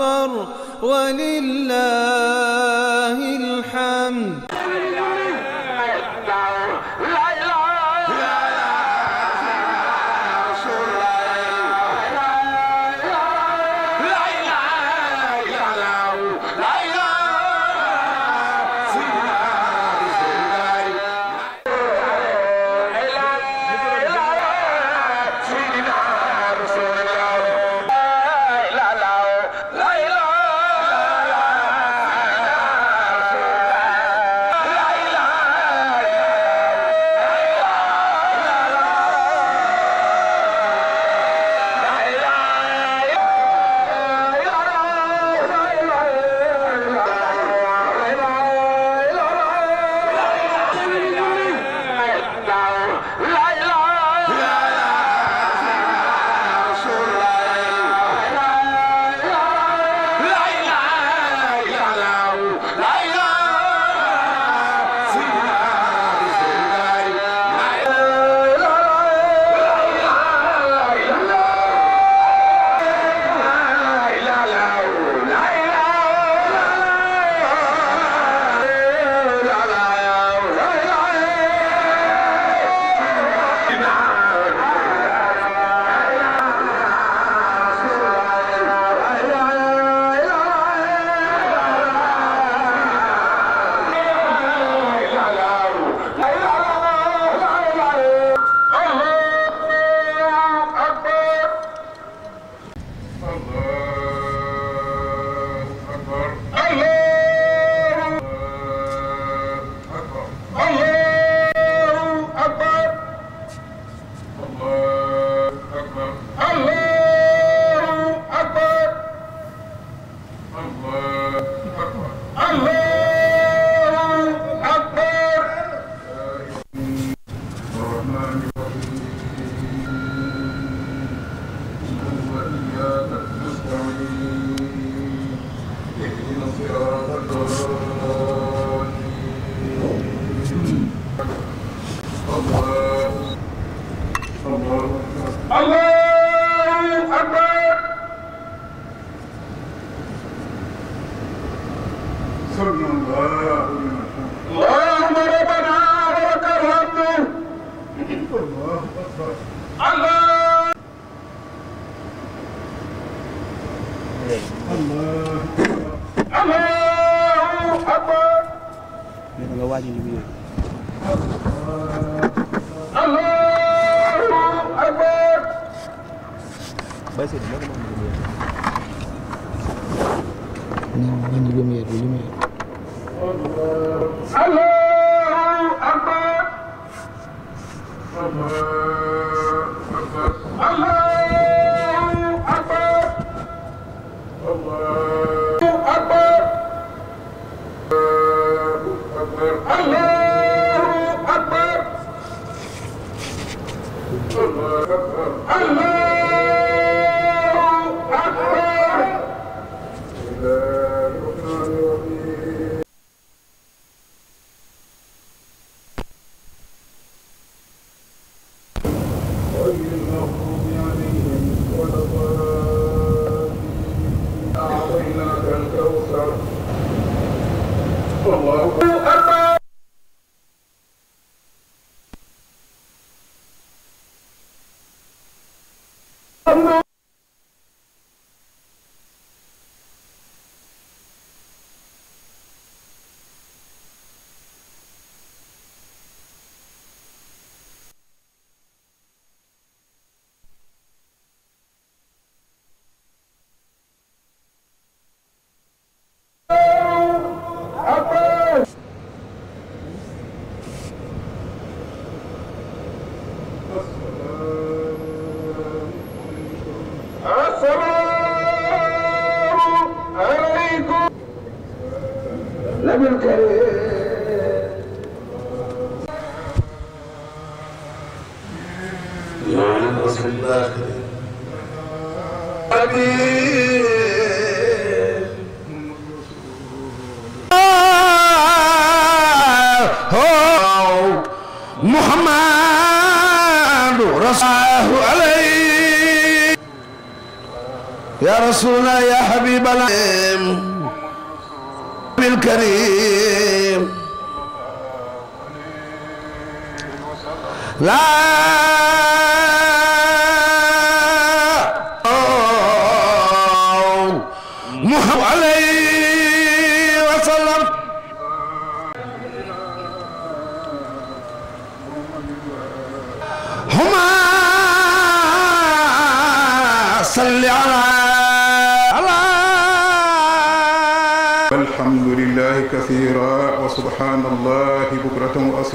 الصبر ولله الحمد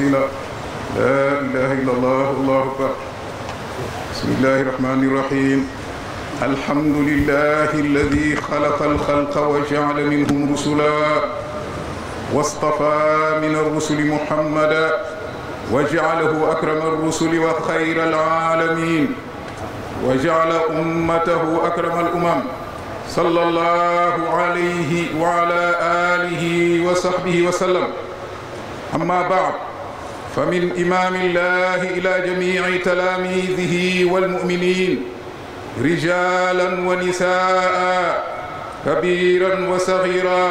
illa laa ilaha illa allah allahu akbar bismillahi rahmani rahim alhamdulillahi alladi xalaqa alxalqa wa jaala minhum rusula واصطفى من الرسل محمدا وجعله أكرم الرسل وخير العالمين وجعل أمته أكرم الأمم صلى الله عليه وعلى آله وصحبه وسلم أما بعد فمن إمام الله إلى جميع تلاميذه والمؤمنين رجالا ونساء كبيرا وصغيرا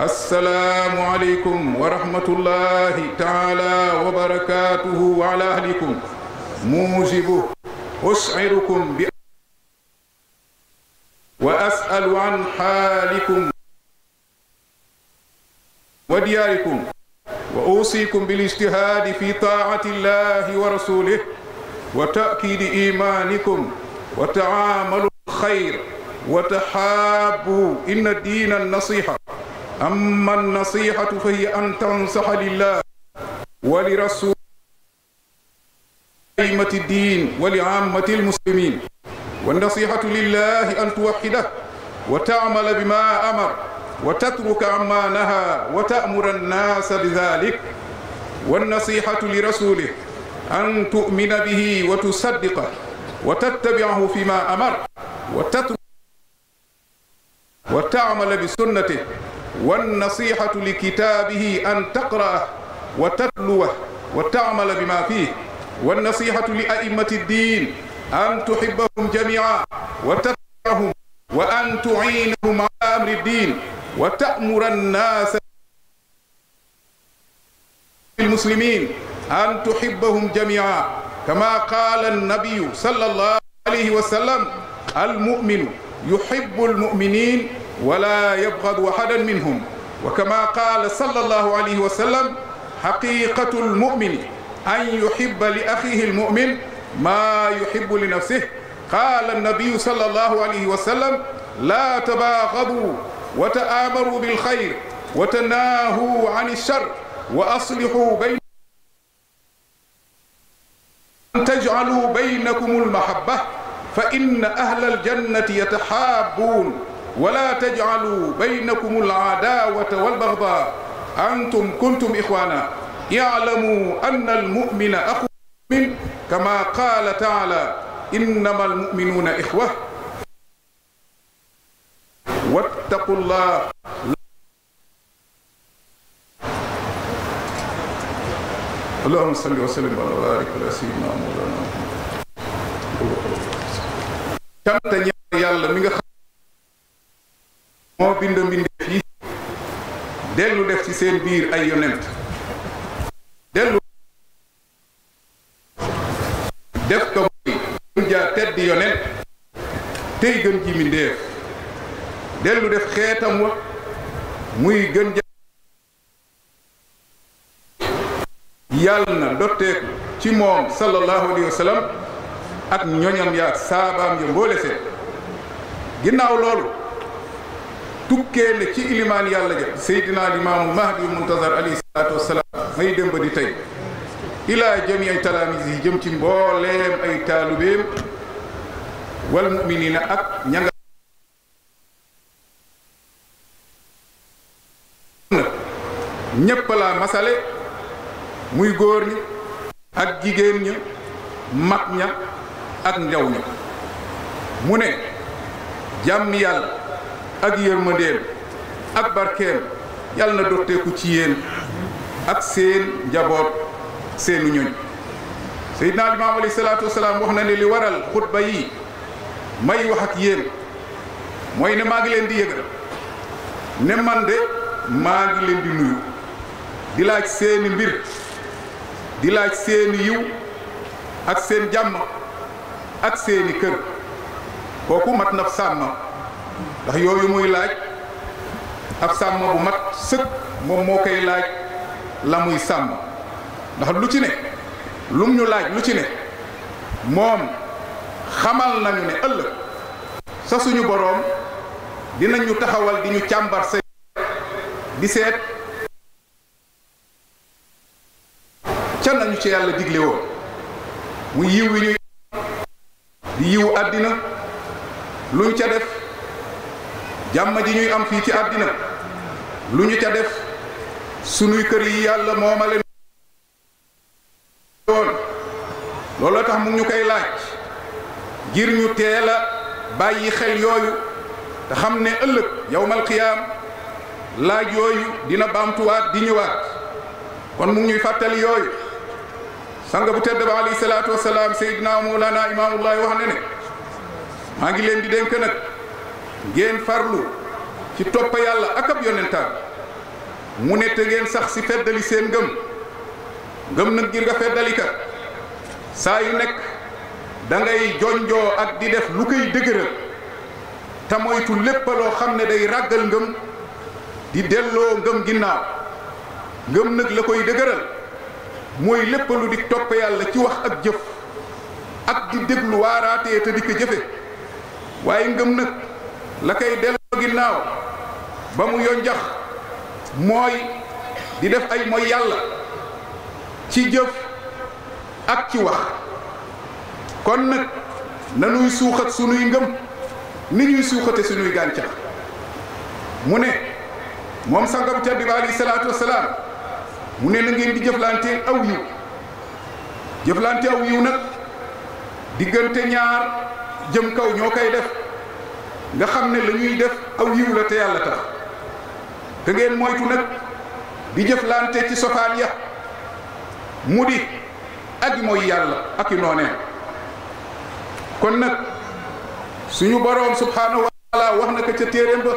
السلام عليكم ورحمة الله تعالى وبركاته وعلى أهلكم موجبه أشعركم ب وأسأل عن حالكم ودياركم wa uusikum bil ijtihaadi fi taa'ati llahi wa rasulih wa ta'kiidi imaanikum wa ta'aamalu xayr wa taxaabu inna diina nasiha amma nasihatu fa hiya an tansaha lillah wa li rasul aimati diin wa li ammati lmuslimin wa nasihatu lillahi an tuwaxidah wa taamala bima amar وتترك عما نهى وتأمر الناس بذلك والنصيحة لرسوله أن تؤمن به وتصدقه وتتبعه فيما أمر وتترك وتعمل بسنته والنصيحة لكتابه أن تقرأه وتتلوه وتعمل بما فيه والنصيحة لأئمة الدين أن تحبهم جميعا وتتبعهم وأن تعينهم على أمر الدين wa ta'muru an-naasa المسلمين أن تحبهم جميعا كما قال النبي صلى الله عليه وسلم المؤمن يحب المؤمنين ولا يبغض أحدا منهم وكما قال صلى الله عليه وسلم حقيقة المؤمن أن يحب لأخيه المؤمن ما يحب لنفسه قال النبي صلى الله عليه وسلم لا تباغضوا wa ta'aamaru bil xayr wa tanaahu ani shar wa aslihu bayna an tajcalu baynakum almahabba fa inna ahla aljannati yataxaabuun wala tajcalu baynakum alaadaawata walbaxdaa antum kuntum ixwaana yaclamu anna almumina axu min kama qaala taala innama almuminuuna ixwa wattaqullah allahumma salli wa sallim wa barik ala sayyidina mawlana canta ñaar yàlla mi nga xam moo bind mbindeef yi dellu def ci seen biir ay yonent dellu def ko mooy gën tedd yonent tey gën ji mbindeef dellu def xeetam wa muy gën yàlla na dotteeku ci moom sallallahu alayhi wa ak ñoñam ya ak saabaam mboole seen ginnaaw loolu tukkee ne ci ilimaan yàlla ja seydina limaamu mahdi muntazar alayhi salaatu wasalaam may dem ba di tey ilaa jami ay talaamisi jëm ci mbooleem ay taalubeem wal muminina ak ñanga ñépp laa masale muy góor ñi ak jigéen ña mag ña ak njaw ña mu ne jàmm yàlla ak yërmandeem ak barkeem yàlla na dotteeku ci yéen ak seen njaboot seenu ñoñ seydina limaam alayhi salaatu wasalaam wax na ne li waral xutba yi may wax ak yéen mooy ne maa ngi leen di yëgal ne man de maa ngi leen di nuyu di laaj seeni mbir di laaj seeni yiw ak seen jàmm ak seeni kër kooku mat na sàmm ndax yooyu muy laaj ab sàmm bu mat sëkk moom moo koy laaj la muy sàmm ndax lu ci ne lum ñu laaj lu ci ne moom xamal nañu ne ëllë sa suñu boroom dinañu taxawal di ñu càmbar sa di seet ca nañu ci yàlla digle woon mu yiw wi ñu di yiwu àddina luñ ca def jàmm ji ñuy am fii ci àddina lu ñu ca def sunuy kër yi yàlla moomale woon looloo tax mu ñu koy laaj ngir ñu teel bàyyi xel yooyu te xam ne ëllëg yawmal qiyaam laaj yooyu dina baamtuwaat di ñëwaat kon mu ñuy fàttali yooyu sanga bu tedd ba alayhi salaatu wasalaam Seydina Mawlana Imaamullahi wax ne ne maa ngi leen di dénk nag ngeen farlu ci topp yàlla ak ab yonentaan mu ne te ngeen sax si feddali seen ngëm ngëm nag ngir nga feddali saa yu nekk dangay ngay jonjoo ak di def lu koy dëgëral te moytu lépp loo xam ne day ràggal ngëm di delloo ngëm ginnaaw ngëm nag la koy dëgëral. mooy lépp lu di topp yàlla ci wax ak jëf ak di déglu waaraatee te di ko jëfe waaye ngëm nag la koy delloo ginnaaw ba mu yonjax mooy di def ay mooy yàlla ci jëf ak ci wax kon nag nanuy suuxat sunuy ngëm ni ñuy suuxate sunuy gàncax mu ne moom sangam ca bi alayhi salaatu wasalaam mu ne na ngeen di jëflante aw yiw jëflante aw yiw nag diggante ñaar jëm kaw ñoo koy def nga xam ne la ñuy def aw yiw la te yàlla tax te ngeen moytu nag di jëflante ci sofaan ya mu di ak mooy yàlla ak i noonee kon nag suñu boroom subhaanahu wa wax na ko ca téeréem ba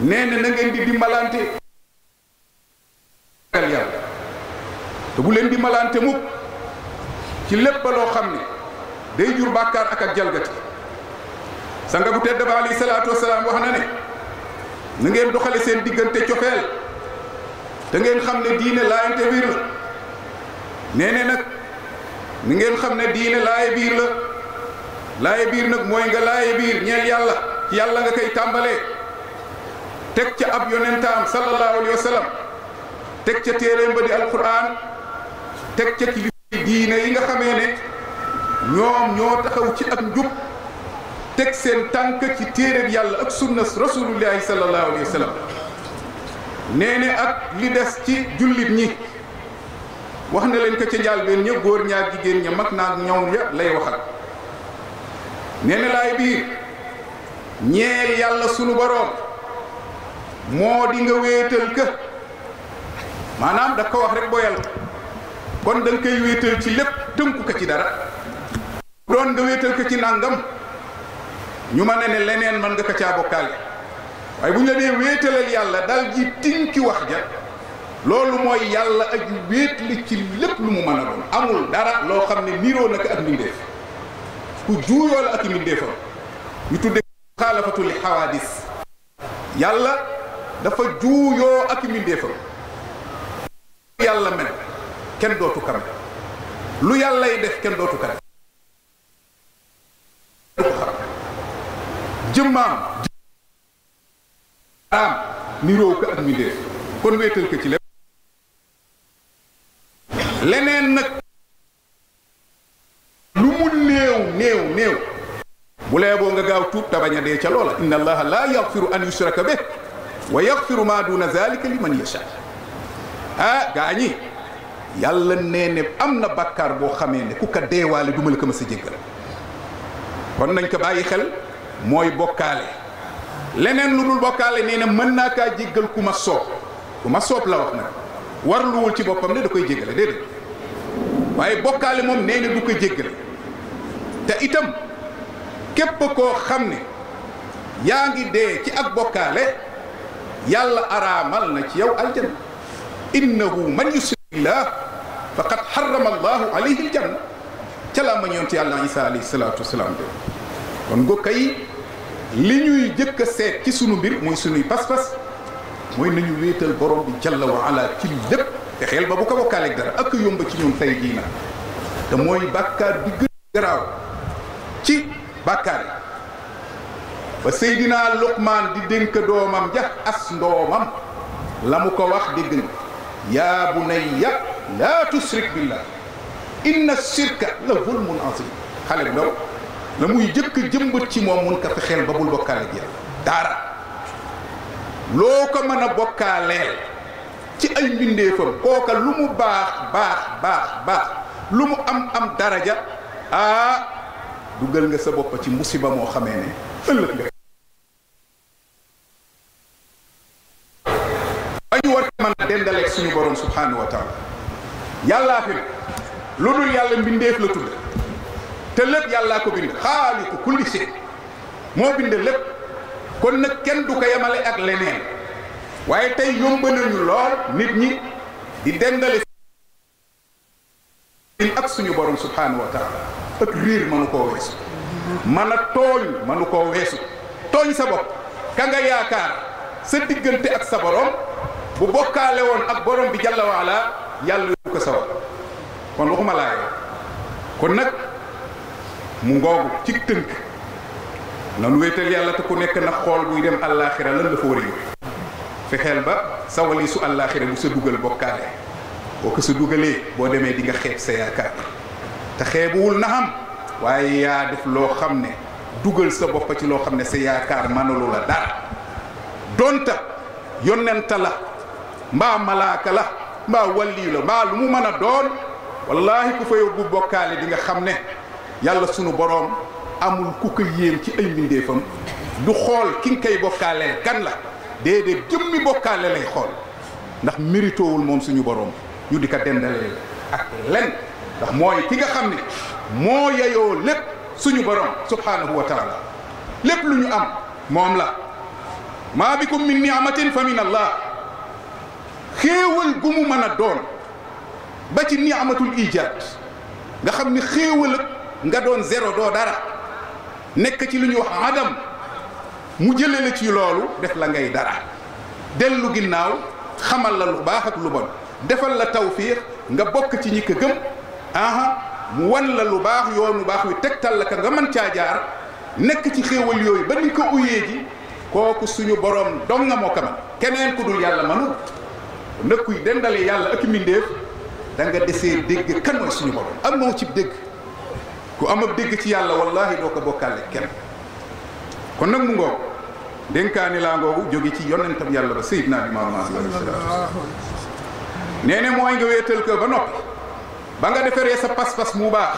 nee na na ngeen di dimbalante ragal yàlla te bu leen di malante mukk ci lépp xam ne day jur bàkkaar ak ak jalgati sanga bu tedd ba alayhi salaatu wasalaam wax na ne na ngeen doxale seen diggante cofeel te ngeen xam ne diine laayante biir la nee ne nag ni ngeen xam ne diine laaye biir la laaye biir nag mooy nga laaye biir ñeel yàlla yàlla nga koy tàmbalee teg ca ab yonentaam sallallahu alayhi wa sallam teg ca téeréem ba di alquran teg ca kilifa diine yi nga xamee ne ñoom ñoo taxaw ci ak njub teg seen tànk ci téeréem yàlla ak sunna rasulullahi sallallahu alayhi wa sallam nee ne ak li des ci jullit ñi wax na leen ko ca njàlbeen ña góor ñaar jigéen ña mag naag ñoom ya lay waxal nee na laay biir ñeel yàlla sunu boroom moo di nga wéetal ka maanaam daf ko wax rek boyal kon da nga koy wéetal ci lépp tënku ko ci dara bu doon nga wéetal ko ci nàngam ñu mën a ne leneen mën nga ko caa bokkaale waaye bu ñu la dee wéetalal yàlla dal ji tinki wax ja loolu mooy yàlla ak wéet li ci lépp lu mu mën a doon amul dara loo xam ne niroo na ak mbindeef ku juuyoo la ak mbindeefam ñu tudde xaalafatul xawaadis yàlla dafa juuyoo ak mbindeefam yàlla mel kenn dootu ka lu yàlla def kenn dootu ka def du ko xam jëmmaam aam niroo ko ak mbindéef kon wéetal ko ci lépp leneen nag lu mu néew néew néew bu lee boo nga gaaw tuub te bañ a dee ca loola inna allaha la yaxfiru an yushraka bih wa yaxfiru ma duna zalika liman yasha ah gaañi yàlla nee ne am na bàkkaar boo xamee ne ku ko deewaale duma la ko mës a jéggal kon nañ ko bàyyi xel mooy bokkaale leneen lu dul bokkaale nee na mën naa kaa jéggal ku ma soob ku ma soob la wax nag warluwul ci boppam ne da koy jéggale déedéet waaye bokkaale moom nee na du ko jéggale te itam képp koo xam ne yaa ngi dee ci ak bokkaale yàlla araamal na ci yow aljanna innahu man yushrik billah faqad harrama allahu alayhi aljanna ca laa mañ yonte yàlla isa alayhi salaatu wasalaam kon gokka yi li ñuy jëkk seet ci sunu mbir muy sunuy pas-pas mooy nañu wéetal borom bi jalla wa ci lépp te xel ba bu ko bokkaaleeg dara ak yomba ci ñoom tey jii na te mooy bàkkaar bi gën garaaw ci bàkkaar yi ba Seydina Luqmaan di dénk doomam jax as ndoomam la mu ko wax dégg nga yaa bunayya laa tusrik billah inna sirka la zulmun azim xale bu ndaw la muy jëkk jëmbat ci moom mun ko fexeel ba bul bokkaale ak dara loo ko mën a bokkaaleel ci ay mbindeefam kooka lu mu baax baax baax baax lu mu am am daraja ah dugal nga sa bopp ci musiba moo xamee ne suñu borom subhanahu yàllaa fi lu dul yàlla mbindeef la tudd te lépp yàllaa ko bind xaaliku kulli shay moo bind lépp kon nag kenn du ko yemale ak leneen waaye tey yomb nañu lool nit ñi di dendale ak suñu boroom subhanahu wa taala ak riir mënu koo weesu mën a tooñ mënu koo weesu tooñ sa bopp ka nga yaakaar sa diggante ak sa borom bu bokkaale woon ak borom bi jàlla waala yàlla yóbbu ko sawar kon waxuma laay kon nag mu ngoogu ci tënk nanu wéetal yàlla te ku nekk na xool buy dem àllaaxira lan la fa war a yóbbu fexeel ba sawali su àllaaxira bu sa dugal bokkaale boo ko sa dugalee boo demee di nga xeeb sa yaakaar te xeebuwul na waaye yaa def loo xam ne dugal sa bopp ci loo xam ne sa yaakaar mënalu dara donta yonenta la mbaa malaaka la mbaa walliyu la mbaa lu mu mën a doon wallahi ku fa yóbbu bokkaale di nga xam ne yàlla suñu boroom amul ku ko ci ay mbindeefam du xool ki nga koy bokkaalee kan la déedéet jëmmi bokkaale lay xool ndax méritoowul moom suñu boroom ñu di ko dendalee ak len ndax mooy ki nga xam ne moo yeyoo lépp suñu borom subhanahu wa taala lépp lu ñu am moom la maa bikum min ni'matin fa min allah xéewal gu mu mën a doon ba ci ni amatul ijaat nga xam ni xéewal ak nga doon zéro doo dara nekk ci lu ñuy wax adam mu jële ci loolu def la ngay dara dellu ginnaaw xamal la lu baax ak lu bon defal la tawfiix nga bokk ci ñi ko gëm aha mu wan la lu baax yoonu baax wi teg la ka nga man caa jaar nekk ci xéewal yooyu ba ni ko uyee ji kooku suñu boroom dong nga moo keneen ku dul yàlla mënut nëkkuy dendalee yàlla ak da nga desee dégg kan mooy suñu borom am moo ci ku am ak dégg ci yàlla wallahi doo ko bokkaale kenn nag mu ngoog dénkaani laa ngoogu jóge ci yàlla ba sayidna bi ne mooy nga wéetal ko ba noppi ba nga defaree sa pas-pas mu baax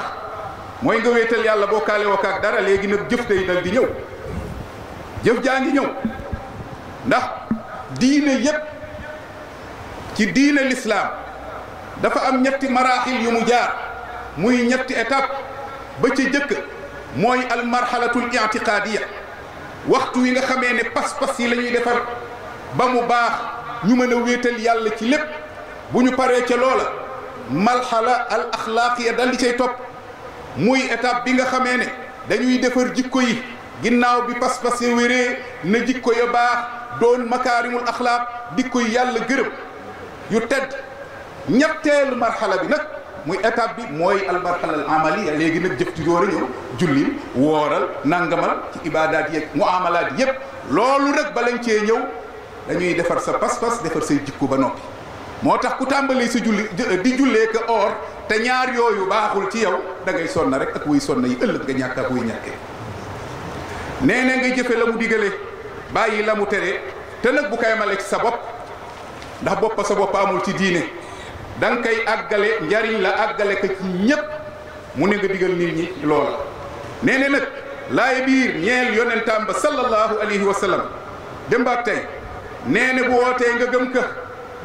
mooy nga wéetal yàlla bokkaale woo ko ak dara léegi nag jëf day dal di ñëw jëf jaa ngi ñëw ndax diine yépp ci diine lislaam dafa am ñetti maraaxil yu mu jaar muy ñetti étape ba ca jëkk mooy almarxalatul itiqaadiya waxtu wi nga xamee ne pas-pas yi la ñuy defar ba mu baax ñu mën a wéetal yàlla ci lépp bu ñu paree ca loola marxala al axlaaqiya dal di cay topp muy étape bi nga xamee ne dañuy defar jikko yi ginnaaw bi pas-pas ya wéree na jikko ya baax doon makaarimul axlaaq di koy yàlla gërëm yu tedd ñetteelu marxala bi nag muy étape bi mooy al marxala al léegi nag jëf ci door a ñëw jullil wooral nangamal ci ibaadaat mu muamalaat yépp loolu nag ba lañ cee ñëw dañuy defar sa pas-pas defar say jikko ba noppi moo tax ku tàmbalee sa julli di jullee ka or te ñaar yooyu baaxul ci yow da ngay sonna rek ak wuy sonna yi ëllëg nga ñàkk ak wuy ñàkkee nee nga jëfe la mu digale bàyyi la mu tere te nag bu kay ci sa bopp ndax boppa sa boppa amul ci diine da nga koy àggale njariñ la àggale ko ci ñépp mu ne nga digal nit ñi loola nee ne nag laay biir ñeel yonentaam ba sallallahu alayhi wa dem démbaat tey nee ne bu wootee nga gëm ka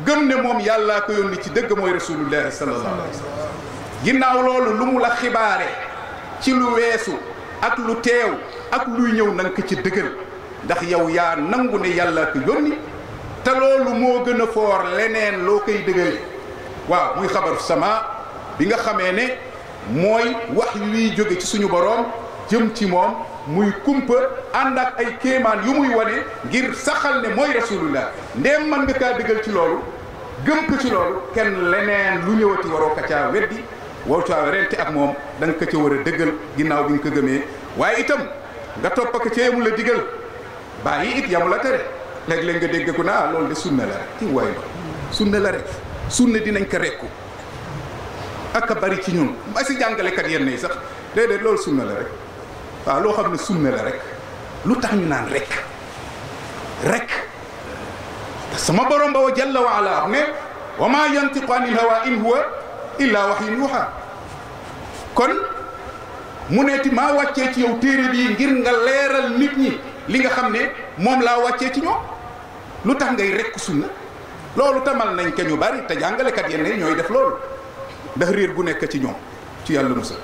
gën ne moom yàllaa ko yónni ci dëgg mooy rasulullahi sallallahu alayhi wa sallam ginnaaw loolu lu mu la xibaare ci lu weesu ak lu teew ak luy ñëw na ko ci dëggal ndax yow yaa nangu ne yàllaa ko yónni te loolu moo gën a foor leneen loo koy dëgale waaw muy xabaru sama bi nga xamee ne mooy wax yuy jóge ci suñu boroom jëm ci moom muy kumpa ànd ak ay kéemaan yu muy wane ngir saxal ne mooy rasulullah ndéem man nga kaa dëggal ci loolu gëm ko ci loolu kenn leneen lu ñëwati waroo ko caa weddi waroo caa werante ak moom da nga ko ca war a dëggal ginnaaw bi nga ko gëmee waaye itam nga topp ko ca yemu la digal bàyyi it yamu la tere léeg-léeg nga dégg ko ne loolu de sunna la rek i waay sunna la rek sunna dinañ ko rekku ak a bari ci ñun ba si jàngalekat yenn yi sax déedéet loolu sunna la rek waaw loo xam ne sunna la rek lu tax ñu naan rek rek sama borom ba wa jalla wa ala am ne wa ma yantiqu anil hawa in huwa illa wahyun yuha kon mu neeti maa wàccee ci yow téere bii ngir nga leeral nit ñi li nga xam ne moom laa wàccee ci ñoom lu tax ngay rekk sunna loolu tamal nañ ke ñu bari te jàngalekat yenn ñooy def loolu ndax réer gu nekk ci ñoom ci yàlla musa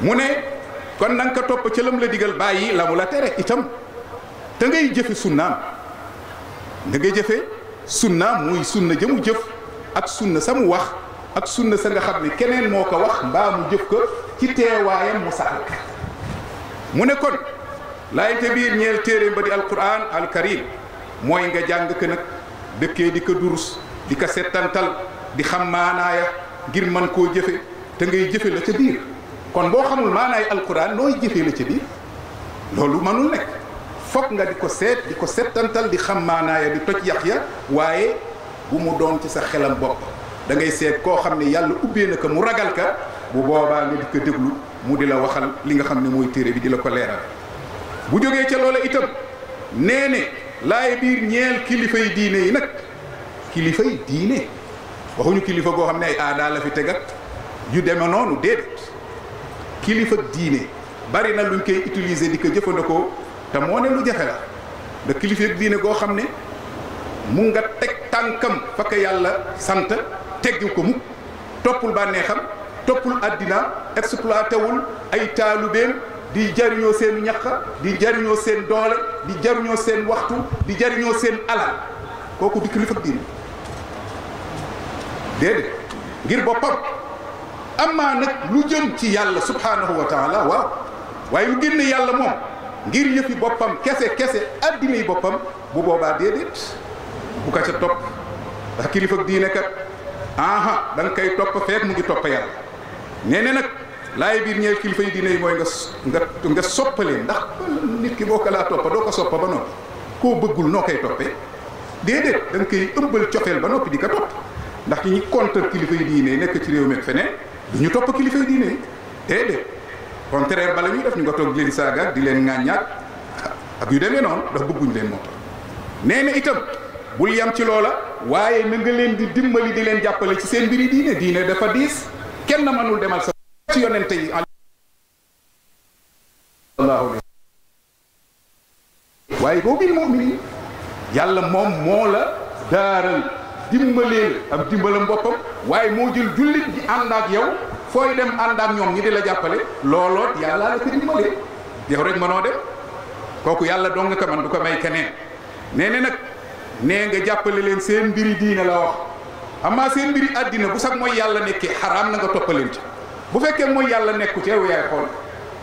mu ne kon na ko topp ca lam la digal bàyyi la mu la tere itam te ngay jëfe sunnaam da ngay jëfe sunnaam muy sunna ja mu jëf ak sunna samu wax ak sunna sa nga xam ne keneen moo ko wax mbaa mu jëf ko ci teewaayam mu saxal mu ne kon laayante biir ñeel téere ba di alquran alkarim mooy nga jàng ko nag dëkkee di ko durus di ko settantal di xam maanaaya ngir mën koo jëfe te ngay jëfe la ca biir kon boo xamul maanaay alquran nooy jëfee la ca biir loolu mënul nekk foog nga di ko seet di ko settantal di xam maanaaya di toj yax ya waaye bu mu doon ci sa xelam bopp da ngay seet koo xam ne yàlla ubbee na ko mu ragal ka bu boobaa nga di ko déglu mu di la waxal li nga xam ne mooy téere bi di la ko leeral bu jógee ca loola itam nee ne laay biir ñeel kilifay diine yi nag kilifay diine waxuñu kilifa goo xam ne ay aadaa la fi teg ak yu deme noonu déedéet kilifa diine bari na luñ koy utiliser di ko jëfandikoo te moo ne lu jafe la da kilifa diine goo xam ne mu nga teg tànkam fa ko yàlla sant teggu ko mukk toppul bànneexam toppul àddina exploité wul ay taalubeem di jariñoo seen ñaq di jariñoo seen doole di jariñoo seen waxtu di jariñoo seen alal kooku di kilifa diine déedéet ngir boppam amaa nag lu jëm ci yàlla subhanahu wa taala waaye lu génn yàlla moom ngir yëfi boppam kese kese addina yi boppam bu boobaa déedéet bu ko ca topp ndax kilifa diine kat aha da nga koy mu ngi topp yàlla nee ne laay biir ñee kilifa yi diine yi mooy nga nga nga soppale ndax nit ki boo ko laa toppa doo ko ba noppi koo bëggul noo koy toppee déedéet da koy ëmbal cofeel ba noppi di ko topp ndax ki ñi contre kilifa yi diine yi nekk ci réew mi ak ñu topp kilifa yi diine yi déedéet contraire bala ñuy def ñu nga toog di leen saagaak di leen ŋàññaak ak yu demee noonu ndax bëgguñ leen moo tax na itam bul yam ci loola waaye na nga leen di dimbali di leen jàppale ci seen mbiri diine diine dafa diis kenn mënul demal sa ci yonente yi sallallahu alayhi waaye yàlla moom moo la daaral dimbaleel ak dimbalam boppam waaye moo jël jullit di ànd ak yow fooy dem ànd ñoom ñi di la jàppale looloot yàlla la ko dimbalee yow rek mënoo dem kooku yàlla dong nga ko man du ko may keneen nee nag nee nga jàppale leen seen mbiri diine la wax amaa seen mbiri àddina bu sax mooy yàlla nekkee xaraam na nga toppaleen bu fekkee mooy yàlla nekku ci yow yaay xool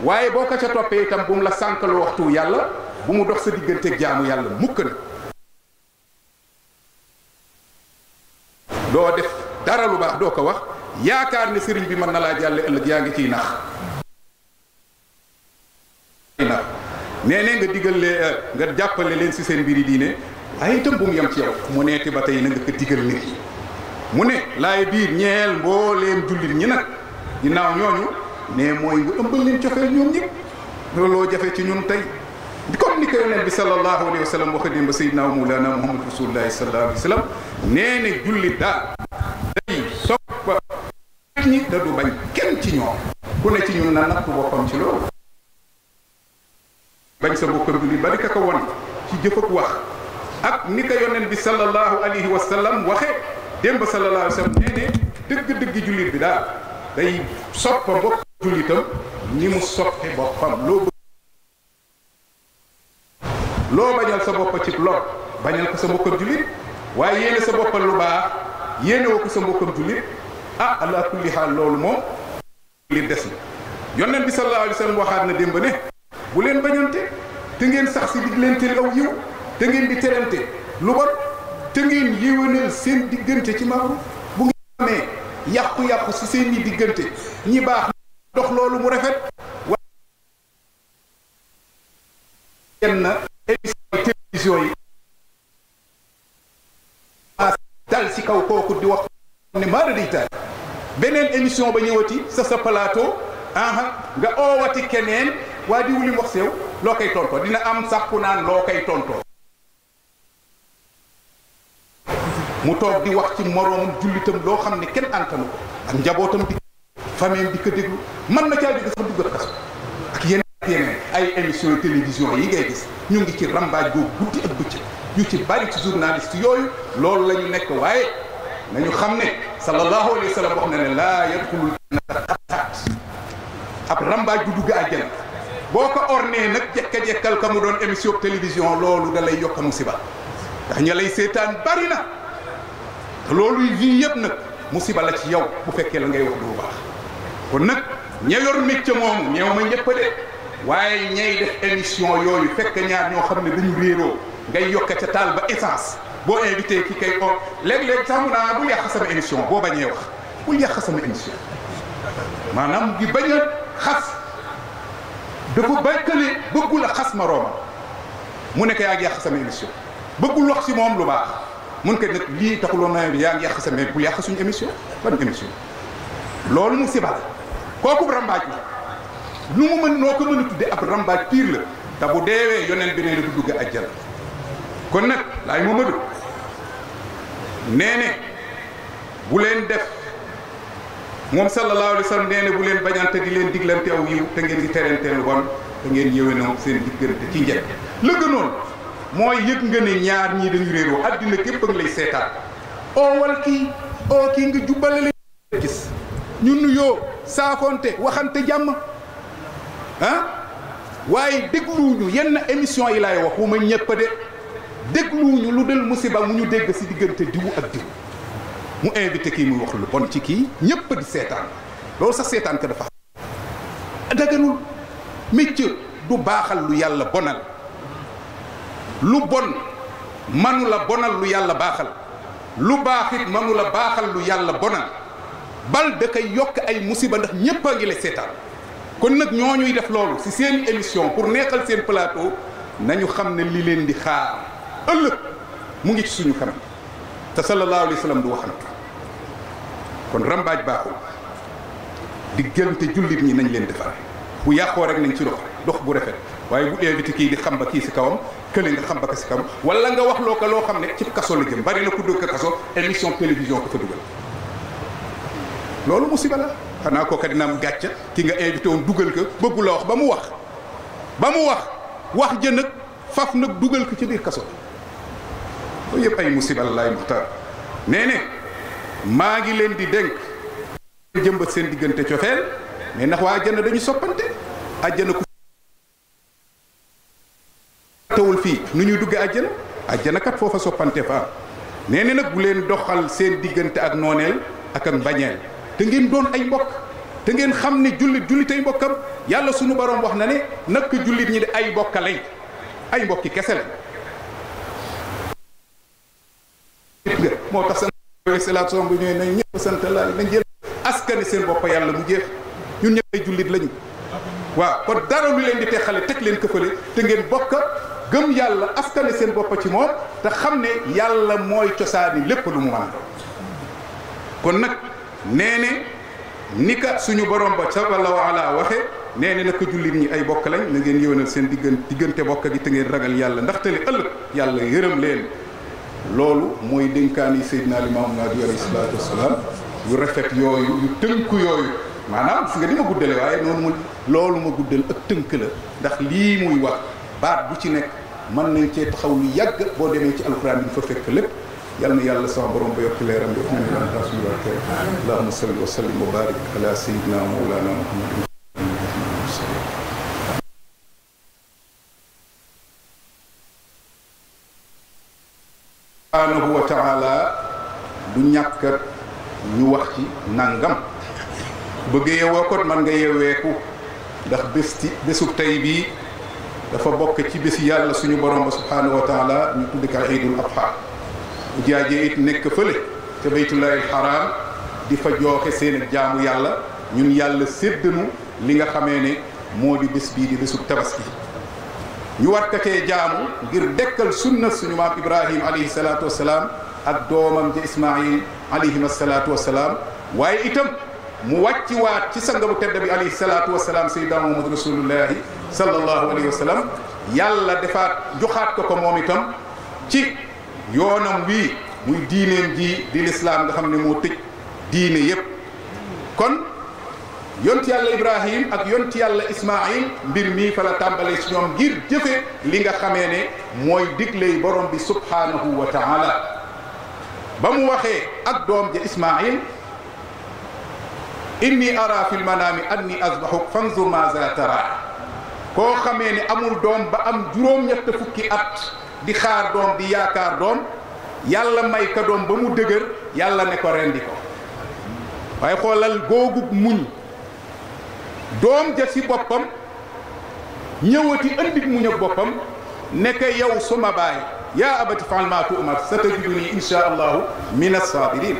waaye boo ko ca toppee itam bu mu la sànkalu waxtu yàlla bu mu dox sa digganteeg jaamu yàlla mukk na doo def dara lu baax doo ko wax yaakaar ne sëriñ bi mën na laa jàlle ëllëg yaa ngi ciy nax nax nee ne nga digal lee nga jàppale leen si seen mbiri diine waaye itam bu mu yem ci yow mu neeti ba tey na nga ko digal nit yi mu ne laay biir ñeel mbooleem jullit ñi nag ginnaaw ñooñu ne mooy bu ëmbal leen cofeel ñoom ñëpp looloo jafe ci ñun tey kon ni ko yonent bi sallallahu alayhi wa sallam waxa démb sayyidina mawlana muhammad rasulullahi sallallahu alayhi wa sallam nee ne jullit daal day soppa ñi da du bañ kenn ci ñoom ku ne ci ñun na nattu boppam ci loolu bañ sa bokkam jullit bari ka ko won ci jëf ak wax ak ni ko bi sallallahu alayhi wa waxe démb sallallahu alayhi wa sallam nee ne dëgg-dëgg jullit bi daal day soppa bopp jullitam ni mu soppi boppam loo bëgg bañal sa boppa ci lor bañal ko sa mbokkam jullit waaye yéene sa boppal lu baax yéene woo ko sa mbokkam jullit ah ala kulli xaal loolu moom li des na yonent bi sallallahu alayhi wa sallam waxaat na démb ne bu leen bañante te ngeen sax si diglanteel aw yiw te ngeen di terante lu bon te ngeen yéwénal seen diggante ci maaru bu ngeen amee yàqu-yàqu ci seen i diggante ñi baax dox loolu mu rafet wa yenn émission télévision yi dal ci kaw kooku di wax ne maara day taal beneen émission ba ñëwati sa sa plateau aha nga oowati keneen waa diwulim wax sew loo koy tontoo dina am sax ku naan loo koy tontoo mu toog di wax ci moroom jullitam loo xam ne kenn antanu ko ak njabootam di famille di ko déglu mën na caa jóge sax duggal ak yeneen ak yeneen ay émission télévision yi ngay gis ñu ngi ci rambaaj boobu guddi ak bëccëg yu ci bari ci journaliste yooyu loolu la ñu nekk waaye nañu xam ne sallallahu alayhi wa sallam wax na ne laa yadxulul jannata ab rambaaj bu dugg àjjana boo ko ornee nag jekka-jekkal ka mu doon émission télévision loolu da lay yokk musiba ndax ña lay seetaan bari na loolu yii yëpp nag musiba la ci yow bu fekkee la ngay wax du baax kon nag ña yor métier moomu ñeew ma ñëpp de waaye ñay def émission yooyu fekk ñaar ñoo xam ne dañu réeroo ngay yokk ca taal ba essence boo invité ki kay o léeg-léeg sax mu naa ah bul yàq sama émission boo bañee wax bul yàq sama émission maanaam gi bañ xas xas ko baykale bëggul a xas ma rooma mu nekk yaa ngi yàq sama émission bëggul wax si moom lu baax mën ko nag lii taxuloo nawet bi yaa ngi yàq sa mais bu yàq suñu émission ban émission loolu mu sibal kooku rambaaj la lu mu mën noo ko mën a tuddee ab rambaaj pire la te bu deewee yoneen bi nee na du dugg ajjal kon nag laaj Mamadou nee ne bu leen def moom sallallahu alayhi wa sallam nee bu leen bañante di leen diglante aw yiw te ngeen di terenteel bon te ngeen yéwénoo seen diggante ci njëkk la gënoon mooy yëg nga ne ñaar ñii dañu réeroo àddina képp a ngi lay seetaan oo kii oo kii nga jubbale la gis ñu nuyoo saafonte waxante jàmm ah waaye dégluwuñu yenn émission yi laay wax wu ma ñëpp de dégluwuñu lu del musiba mu ñu dégg si diggante diwu ak kii muy wax lu bon ci kii ñëpp di seetaan loolu sax seetaan ka dafa daganul métier du baaxal lu yàlla bonal lu bon manu la bonal lu yàlla baaxal lu baaxit manu la baaxal lu yàlla bonal bal dëkk yokk ay musiba ndax ñépp a ngi lay seetaan kon nag ñoo ñuy def loolu ci seen émission pour neexal seen plateau nañu xam ne li leen di xaar ëllëg mu ngi ci suñu kanam te sallallahu alayhi wa sallam du waxantu kon rambaaj baaxul diggante jullit ñi nañ leen defar bu yàqoo rek nañ ci dox dox bu rafet waaye bu invité kii di xam ba kii si kawam kële nga xam ba ka si kawam wala nga wax loo loo xam ne ci kaso la jëm bari na ku dëkk kaso émission télévision ko fa dugal loolu musiba la xanaa kooka dina am gàcca ki nga invité woon dugal ko bëggu la wax ba mu wax wax jën nag faf nag dugal ko ci biir kaso loolu yëpp ay musiba la laay muxtaar nee ne maa ngi leen di dénk jëmbat seen diggante cofeel mais ndax waa àjjana dañu soppante àjjana ku fii nu ñuy duggee àjjana àjjana kat foofa soppante fa am nee na nag bu leen doxal seen diggante ak nooneel ak ak mbañeel te ngeen doon ay mbokk te ngeen xam ne jullit jullitay mbokkam yàlla sunu borom wax na ne nak jullit ñi de ay mbokka lañ ay mbokki kese lañ moo tax seen salaatu somb ñooy nañ ñëpp sant laal nañ jël askani seen bopp yàlla mu jeex ñun ñëpp ay jullit lañu waaw kon dara lu leen di texale teg leen këfale te ngeen bokk gëm yàlla askane seen bopp ci moom te xam ne yàlla mooy cosaani lépp lu mu mën kon nag nee ne ni ka suñu borom ba jalla wa ala waxe nee ne naka jullit ñi ay bokk lañ na ngeen yëwénal seen diggan diggante bokk gi te ngeen ragal yàlla ndax li ëllëg yàlla yërëm leen loolu mooy dénkaan yi Seydina Limaamu Laay alayhi salaatu wasalaam yu rafet yooyu yu tënk yooyu maanaam su nga ni ma guddale waaye noonu mu loolu ma guddal ak tënk la ndax lii muy wax baat bu ci nekk mën nañ cee taxaw lu yàgg boo ci alxuraan bi fa fekk lépp yal yàlla sama borom ba yokk leeram yokk nañu lan taa suñu barke allahumma salli wa sallim du ñàkk ñu wax ci nangam bëgg yeewoo man nga yeeweeku ndax bés ci tey bii dafa bokk ci bis yàlla suñu borom ba subhaanahu wa taala ñu tudd ka iidul adha jaajee it nekk fële te baytullahil haram di fa jooxe seen jaamu yàlla ñun yàlla séddanu li nga xamee ne moo di bés bii di bésub tabaski ñu wartatee jaamu ngir dekkal sunna suñu maam ibrahim alayhi salaatu wasalaam ak doomam ja ismail alayhim asalaatu wasalaam waaye itam mu wàcci waat ci sangabu tedda bi alayhi salaatu wasalaam sayyidina muhammad rasulullahi sallallahu alayhi wa sallam yàlla defaat joxaat ko ko moom itam ci yoonam wii muy diineem ji di lislaam nga xam ne moo tëj diine yépp kon yont yàlla ibrahim ak yont yàlla ismail mbir mi fa la tàmbalee si ñoom ngir jëfe li nga xamee ne mooy digley borom bi subhanahu wa taala ba mu waxee ak doom ja ismail inni ara fi lmanaami anni asbaxuk fanzur maza tara koo xamee ni amul doom ba am juróom-ñett fukki at di xaar doom di yaakaar doom yàlla may ka doom ba mu dëgër yàlla ne ko rendi ko waaye xoolal googu muñ doom ja ci boppam ñëwati andi muñ boppam nekk yow sama baay yaa abati faal maa tu'mar satajiduni insha allahu min as-saabiriin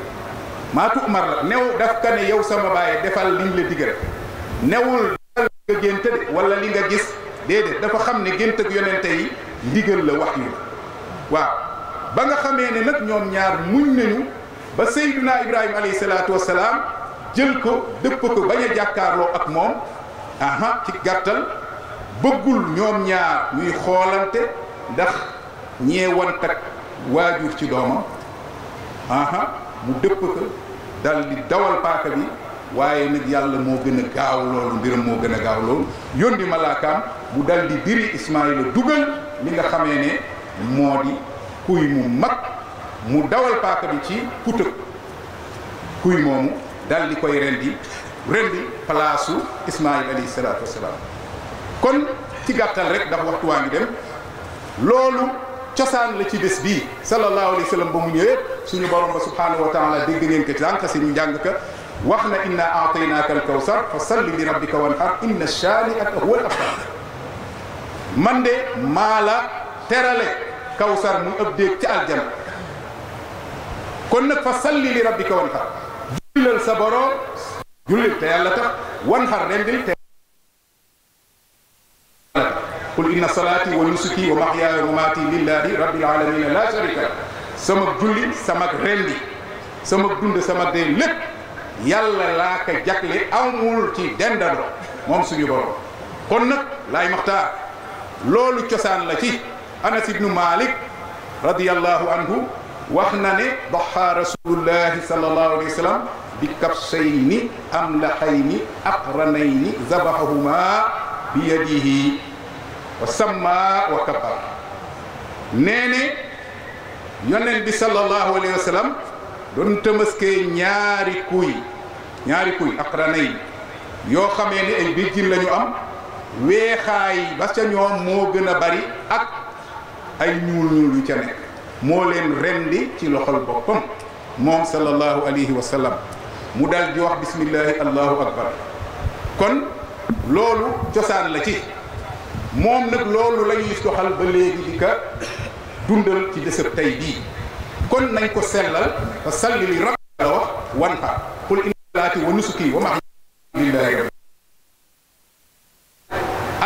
maa tu'mar la new daf ka ne yow sama baay defal liñ la digal newul nga gént wala li nga gis déedéet dafa xam ne gént ak yonente yi ndigal la wax yu la waaw ba nga xamee ne nag ñoom ñaar muñ nañu ba Seyduna Ibrahima alayhi salaatu wasalaam jël ko dëpp ko bañ a jàkkaarloo ak moom aha ci gàttal bëggul ñoom ñaar ñuy xoolante ndax ñeewant ak waajur ci doomam aha mu dëpp ko dal di dawal paaka bi waaye nag yàlla moo gën a gaaw loolu mbiram moo gën a gaaw loolu yónni malaakaam bu dal di diri Ismaayila dugal li nga xamee ne moo di kuy mu mag mu dawal paaka bi ci kutëb kuy moomu dal di koy rendi rendi palaasu Ismaayil alayhi salaatu wasalaam kon ci gàttal rek ndax waxtu waa ngi dem loolu cosaan la ci bés bii sallallahu alayhi wa sallam ba mu ñëwee suñu borom ba subhaanahu wa taala dégg ngeen ko sànq si ka wax na inna aataynaaka alkawsar fa salli li rabbika wanhar inna shaani'aka huwa al-abtar man de maa la terale kawsar mu ëpp déeg ci aljana kon nag fa salli li rabbika wanhar jullal sa borom jullil te yàlla tax wanhar rendil te qul inna salaati wa nusuki wa mahyaaya wa mamaati lillahi rabbil alamina la sharika lahu sama julli sama rendi sama dund sama dee lépp yàlla laa ko jagle amul ci dendandoo moom suñu borom kon nag laay maxtaar loolu cosaan la ci anas ibnu malik radiyallahu anhu wax na ne doxa rasulullahi sallallahu alayhi wa sallam bi kabsayni amlaxayni aqranayni zabahahuma bi yadihi wa samma wa kabar nee ne yonent bi sallallahu alayhi wa sallam doon tëmëskee ñaari kuy ñaari kuy ak ranay yoo xamee ni ay bijjin lañu am weexaay ba ca ñoom moo gën a bari ak ay ñuul ñuul yu ca nekk moo leen rendi ci loxol boppam moom sallallahu alayhi wa sallam mu dal di wax bismillahi allahu akbar kon loolu cosaan la ci moom nag loolu lañuy soxal ba léegi di dundal ci dësëb tey bii kon nañ ko sellal salli li rab la wax wan fa qul inna salaati wa nusuki wa mahya lillahi rabbi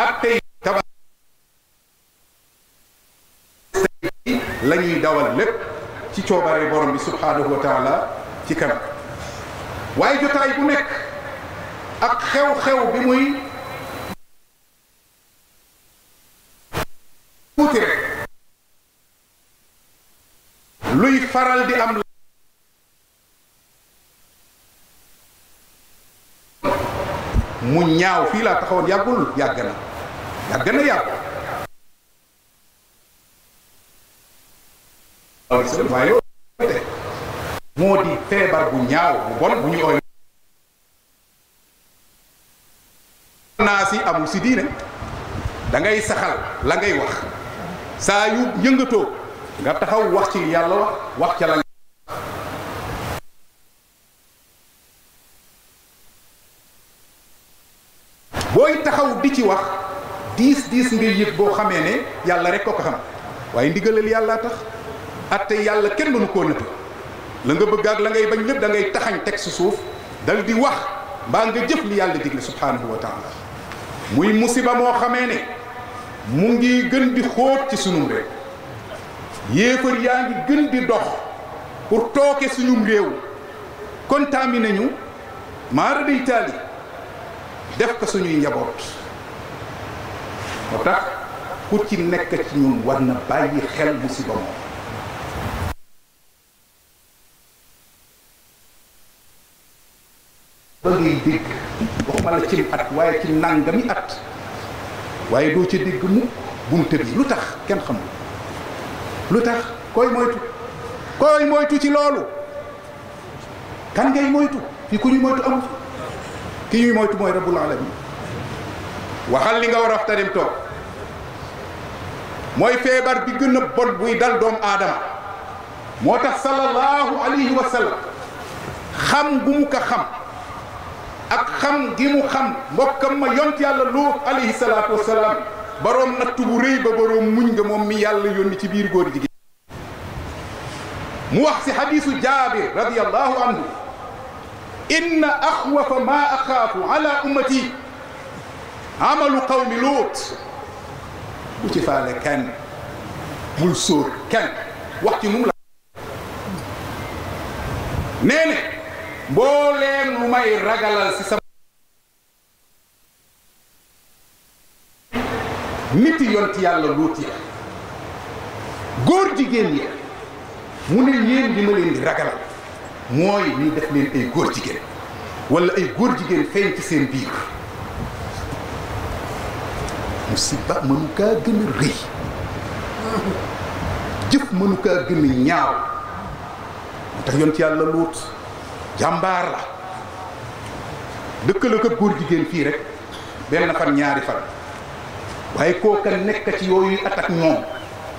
ak tey tabax la ñuy dawal lépp ci coobare borom bi subhanahu wa taala ci kanam waaye jotaay bu nekk ak xew-xew bi muy tuuti luy faral di am mu ñaaw fii laa taxawoon yàggul yàgg na yàgg na yàgg moo di feebar bu ñaaw bu bon bu ñu ooy naa si amul si diine dangay saxal la ngay wax saa yu nga taxaw wax ci yàlla wax wax ca la booy taxaw bi ci wax diis diis nga yëg boo xamee ne yàlla rek ko ko xam waaye ndigalal yàlla tax atte yàlla kenn mënu koo nëbb la nga bëgg la ngay bañ lépp dangay ngay taxañ teg si suuf dal di wax mbaa nga jëf li yàlla digle subhaanahu wa taala muy musiba moo xamee ne mu ngi gën di xóot ci sunum rek yéefar yaa ngi gën di dox pour tooke suñum réew contaminé nañu maara day taali def ko suñuy njaboot moo tax ku ci nekk ci ñun war na bàyyi xel bu moom ba ngay dégg waxuma la ci at waaye ci nangami at waaye doo ci dégg mu bunte bi lu tax kenn xamul lu tax koy moytu koy moytu ci loolu kan ngay moytu fii ku ñuy moytu amu fi ki ñuy moytu mooy rabbul alamin waxal li nga war a wax te mooy feebar bi gën bon buy dal doomu aadama moo tax sallallahu alayhi wa sallam xam gu mu ko xam ak xam gi mu xam mbokkam ma yont yàlla luut alayhi salaatu wa boroom natt bu rëy ba boroom muñ nga moom mi ci biir góor jigéen mu wax si xadiisu jaabir radiallahu anhu inna axwafa ma axaafu ala ummati amalu qawmi luut bu ci faale kenn bul sóor kenn wax ci num la lu may ragalal si sama nit yi yont yàlla luut ya góor jigéen ya mu ne yéen li ma leen di ragalal mooy ñu def leen ay góor jigéen wala ay góor jigéen feeñ ci seen biir musiba mënu kaa gën a rëy jëf mënu gën a ñaaw moo tax yont yàlla luut jàmbaar la dëkk la ko góor jigéen fii rek benn fan ñaari fan waaye kooka nekk ci yooyu at ak ñoom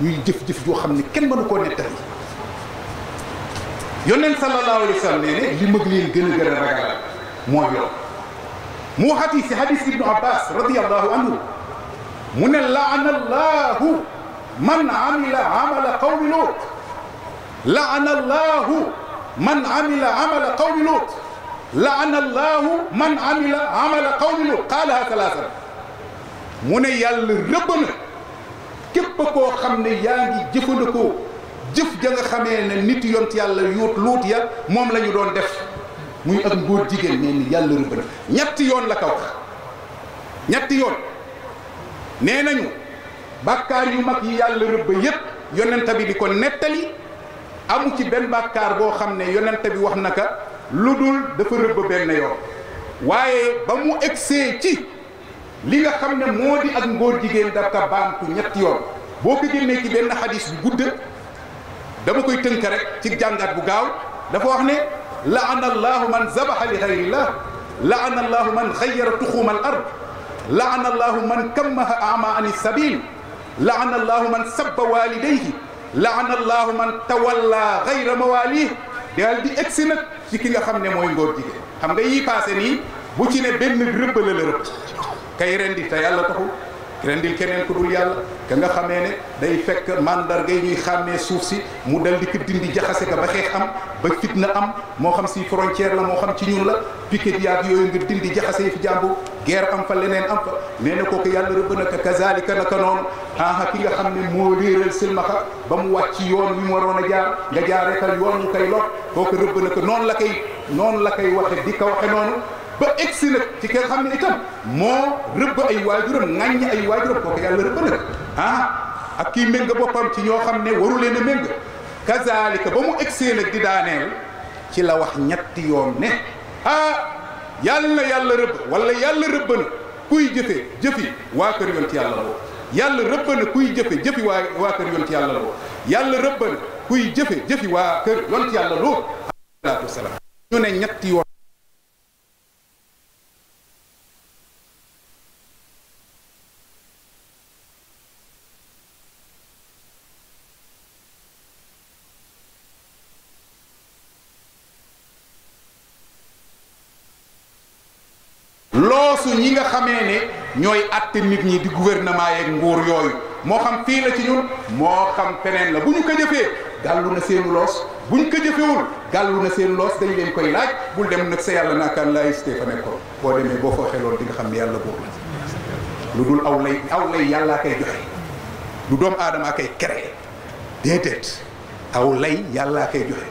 ñuy jëf-jëf yoo xam ne kenn mënu koo nettali yonent sallallahu alayhi wa sallam nee ne li mag leen gën a gën a ragal moo yoon mu waxati si hadis ibnu abbas radiallahu anhu mu ne laana allahu man amila amala qawmi loot laana allahu man amila amala qawmi loot laana allahu man amila amala qawmi loot qaalaha talaatan mu ne yàlla rëbb na képp koo xam ne yaa ngi jëfandikoo jëf ja nga xamee ne nit yont yàlla yuut luut ya moom lañu doon def muy ak ngóor jigéen nee ni yàlla rëbb na ñetti yoon la ko wax ñetti yoon nee nañu bàkkaar yu mag yi yàlla rëbb yépp yonent bi di ko nettali amu ci benn bàkkaar boo xam ne yonent bi wax naka lu dul dafa rëbb benn yoon waaye ba mu egsee ci li nga xam ne moo di ak ngóor jigéen dafa baamtu ñetti yoon boo ko génnee ci benn xadis bu gudd dama koy tënk rek ci jàngat bu gaaw dafa wax ne laana allahu man zabaha li gayrillah laana allahu man xayara tuxuuma al ard laana allahu man kammaha ama an sabil laana allahu man sabba walidayhi laana allahu man tawalla gayra mawalih daal di egsi nag ci ki nga xam ne mooy ngóor jigéen xam nga yii paase nii bu ci ne benn rëbbala la kay rendi te yàlla taxul rendil keneen ku dul yàlla ka nga xamee ne day fekk mandarga yi ñuy xàmmee suuf si mu dal di ko dindi jaxase ka ba xeex am ba fitna am moo xam si frontière la moo xam ci ñun la piquet yaag yooyu nga dindi jaxase yi fi jàmbu guerre am fa leneen am fa nee na kooku yàlla rëbb na ka kazalika naka noonu aha ki nga xam ne moo réeral silmaxa ba mu wàcc yoon wi mu waroon a jaar nga jaaree fa yoon mu koy lot kooku rëbb na ko noonu la koy noonu la koy ko waxe noonu ba egsi nag ci kenn xam ne itam moo rëbb ay waajuram ŋàññi ay waajuram kooku yàlla rëbb nag ah ak kii ménga boppam ci ñoo xam ne waru leen a ménga kazaalika ba mu egsee nag di daaneel ci la wax ñetti yoon ne ah yàlla na yàlla rëbb wala yàlla rëbb na kuy jëfe jëfi waa kër yoon ci yàlla boobu yàlla rëbb na kuy jëfe jëfi waa waa kër yoon ci yàlla loo yàlla rëbb na kuy jëfe jëfi waa kër yoon ci yàlla loo salaatu wasalaam ñu ne ñetti yoon poste ñi nga xamee ne ñooy atte nit ñi di gouvernement yeeg nguur yooyu moo xam fii la ci ñun moo xam feneen la bu ko jëfee gàllu na seen loos bu ko jëfewul gàllu na seen loos dañ leen koy laaj bul dem nag sa yàlla naakaan laay stéfa nekkoon boo demee boo fooxee loolu di nga xam ne yàlla buur lu dul aw lay aw lay yàllaa koy joxe du doomu aadama koy créé déedéet aw lay yàllaa koy joxe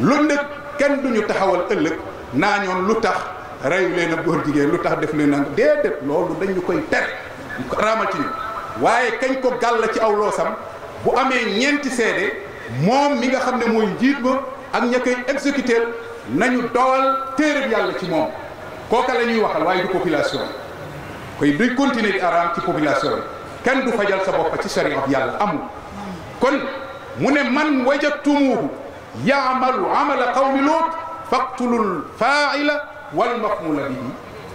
loolu nag kenn duñu taxawal ëllëg naa ñoon lu tax reyu leen a góor jigéen lu tax def leen nang déedéet loolu dañu koy ter raamal ci ñu waaye kañ ko gàll ci aw loosam bu amee ñeenti seede moom mi nga xam ne mooy njiit ba ak ña koy exécuter nañu dowal téereb yàlla ci moom kooka la waxal waaye du population koy duy continuer di araam ci population bi kenn du fajal sa bopp ci sariya yàlla amul kon mu ne man wajatumuhu yaamalu amala qawmi luut faqtulul faaila wal maqmula bihi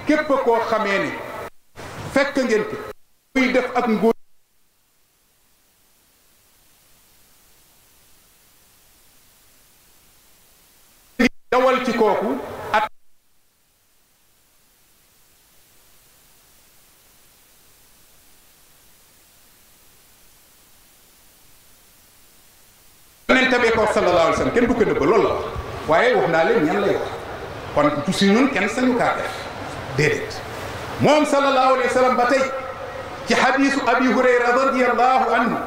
képp ko xamee ne fekk ngeen ko muy def ak ngóor dawal ci kooku at yonent bi ko sallallahu alayhi wa sallam kenn du la waaye wax naa leen ñan lay wax kon du si ñun kenn sañu kaa def déedéet moom sallallahu alayhi wa sallam ba tey ci xadiisu abi hurayra radiallahu anhu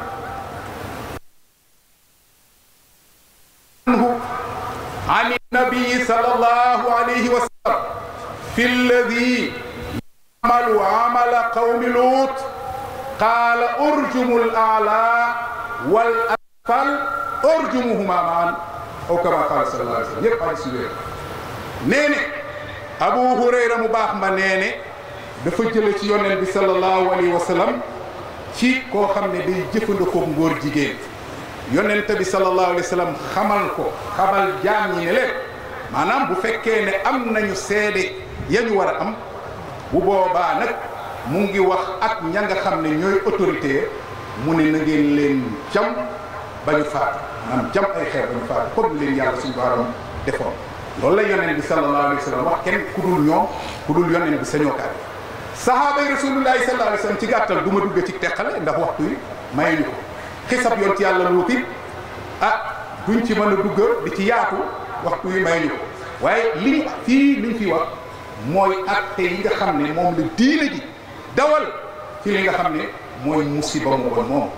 an nabii sallallahu alayhi wa sallam fi alladi yamalu amala qawmi luut qaala urjumu al ala wal asfal urjumuhuma maan aw kama qaala sallallahu alayhi wa sallam yëpp xadiis wéer nee ne abu hurayra mu baax ma nee ne dafa jële ci yonent bi sallallahu alayhi wa sallam ci koo xam ne day jëfandikoo ngóor jigéen yonent bi sallallahu alayhi wa sallam xamal ko xamal jaam ñi ne leen maanaam bu fekkee ne am nañu seede ya ñu war a am bu boobaa nag mu ngi wax ak ña nga xam ne ñooy autorité mu ne na ngeen leen jam ba ñu faatu maanaam jam ay xeer ba ñu faatu comme leen yàlla suñu boroom defoon loolu la yonent bi sallallahu alayhi wa sallam wax kenn ku dul ñoom ku dul yonent bi sañoo kat sahaaba yi rasulullahi sallallahu alayhi wa sallam ci gàttal du ma dugg ci teqale ndax waxtu yi may ñu ko xisab yoon ci yàlla luuti ah duñ ci mën a dugg di ci yaatu waxtu yi may ñu ko waaye li fii liñ fi wax mooy acte yi nga xam ne moom la diine ji dawal fii li nga xam ne mooy musiba mu bon moom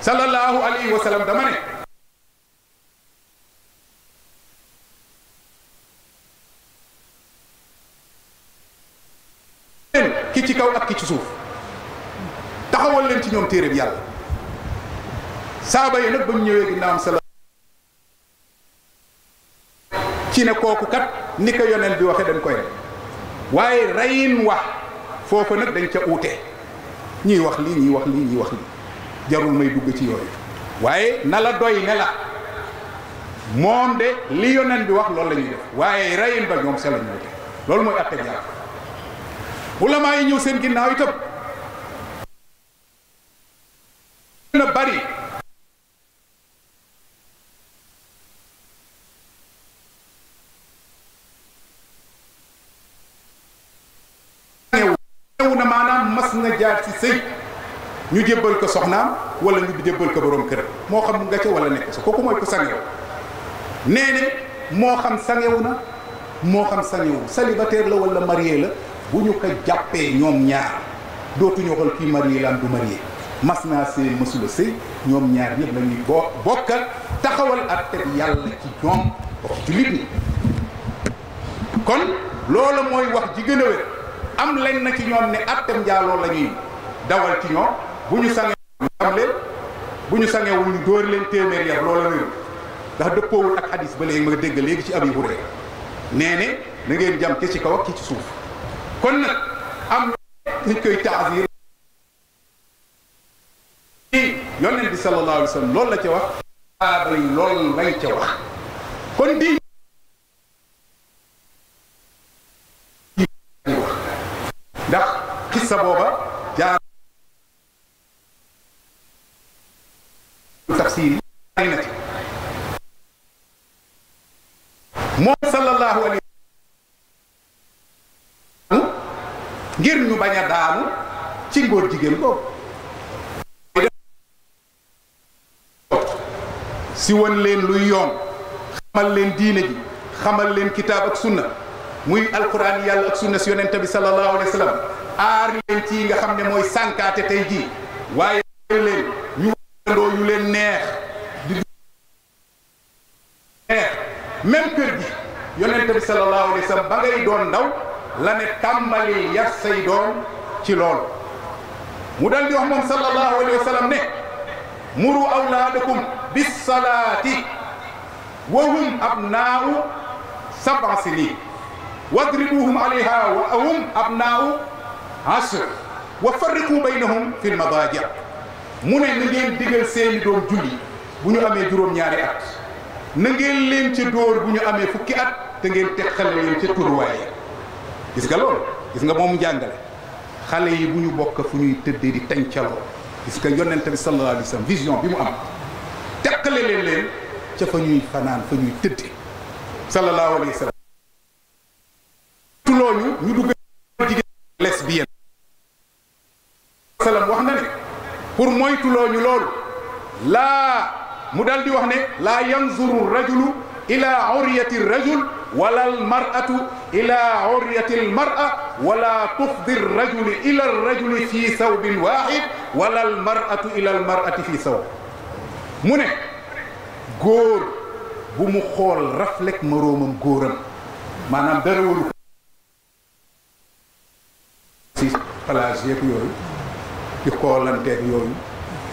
sallallahu alayhi wa sallam dama ne ki ci kaw ak ki ci suuf taxawal leen ci ñoom téere bi yàlla saaba yi nag ba mu ñëwee ginnaaw am sala ci ne kooku kat ni ko yoneen bi waxee dañ koy rey waaye reyin wax foofa nag dañ ca uute ñuy wax lii ñuy wax lii ñuy wax lii jarul may dugg ci yooyu waaye na la doy ne la moom de li yonent bi wax loolu la ñuy def waaye reyin ba ñoom sela ñu wute loolu mooy atte jàpp maa yi ñëw seen ginnaaw itam na bari ñëw na maanaam mas na jaar ci sëy ñu jébbal ko soxnaam wala ñu jébbal ko borom kër moo xam nga ca wala nekk sa kooku mooy ko sangew nee ne moo xam sangew na moo xam sangewu célibataire la wala marié la bu ñu ko jàppee ñoom ñaar dootuñu xool kii marié la am du marié mas naa sëy mësula sëy ñoom ñaar ñëpp la ñuy boo bokkal taxawal ak teg yàlla ci ñoom wax jullit ñi kon loolu mooy wax ji gën am len na ci ñoom ne attem njaaloo la ñuy dawal ci ñoom bu ñu sangee ñu ñu sangee wu ñu dóor leen téeméer yar loola wéru ndax dëppoowul ak hadis ba léegi ma dégg léegi ci Abi Hurayra nee ne na ngeen jam ki ci kaw ak ki ci suuf kon nag am dañ koy taasir i yonent bi sallallahu alayhi wa sallam la ca wax saaba yi loolu lañ ca wax kon di ndax sa booba ngir ñu bañ a daanu ci ngóor jigéen boobu si won leen luy yoon xamal leen diine ji xamal leen kitaab ak sunna muy alquran yàlla ak sunna si yonente bi sallallahu alayhi wa sallam aar leen ci nga xam ne mooy sànkaate tey jii waaye leen ñu wandoo yu leen neex di neex même kër gi yonente bi sallallahu alayhi wa ba ngay doon ndaw la ne tàmbali yar say doom ci lool mu dal di wax moom sallallahu alayhi wa sallam ne muru awlaadakum bis salaati wa hum abnaau sab'a sinin wadribuhum alayha wa hum bay asr wa farriqu baynahum fi lmadaji mu ne na ngeen digal seeni doom julli bu ñu amee juróom-ñaari at na leen ca dóor bu ñu amee fukki at te ngeen teqale leen ci turuwaay gis nga gis nga moom jàngale xale yi bu ñu bokk fu ñuy tëddee di tencaloo gis nga yonent bi sallallahu alayhi wa sallam vision bi mu am teqale leen leen ca fa ñuy fanaan fa ñuy tëddee sallallahu alayhi wa sallam ñu dugg jigéen lesbienne sallam wax na ne pour moytulooñu loolu laa mu dal di wax ne laa yanzuru rajulu ila uriyati rajul wala almaratu ila uryati almara wala tufdi alrajul ila alrajul fi sawbin waxid wala almaratu ila almarati fi sawb mu ne góor bu mu xool raflek moroomam góoram maanaam dara waru ko si plage yeeg yooyu di xoolanteeg yooyu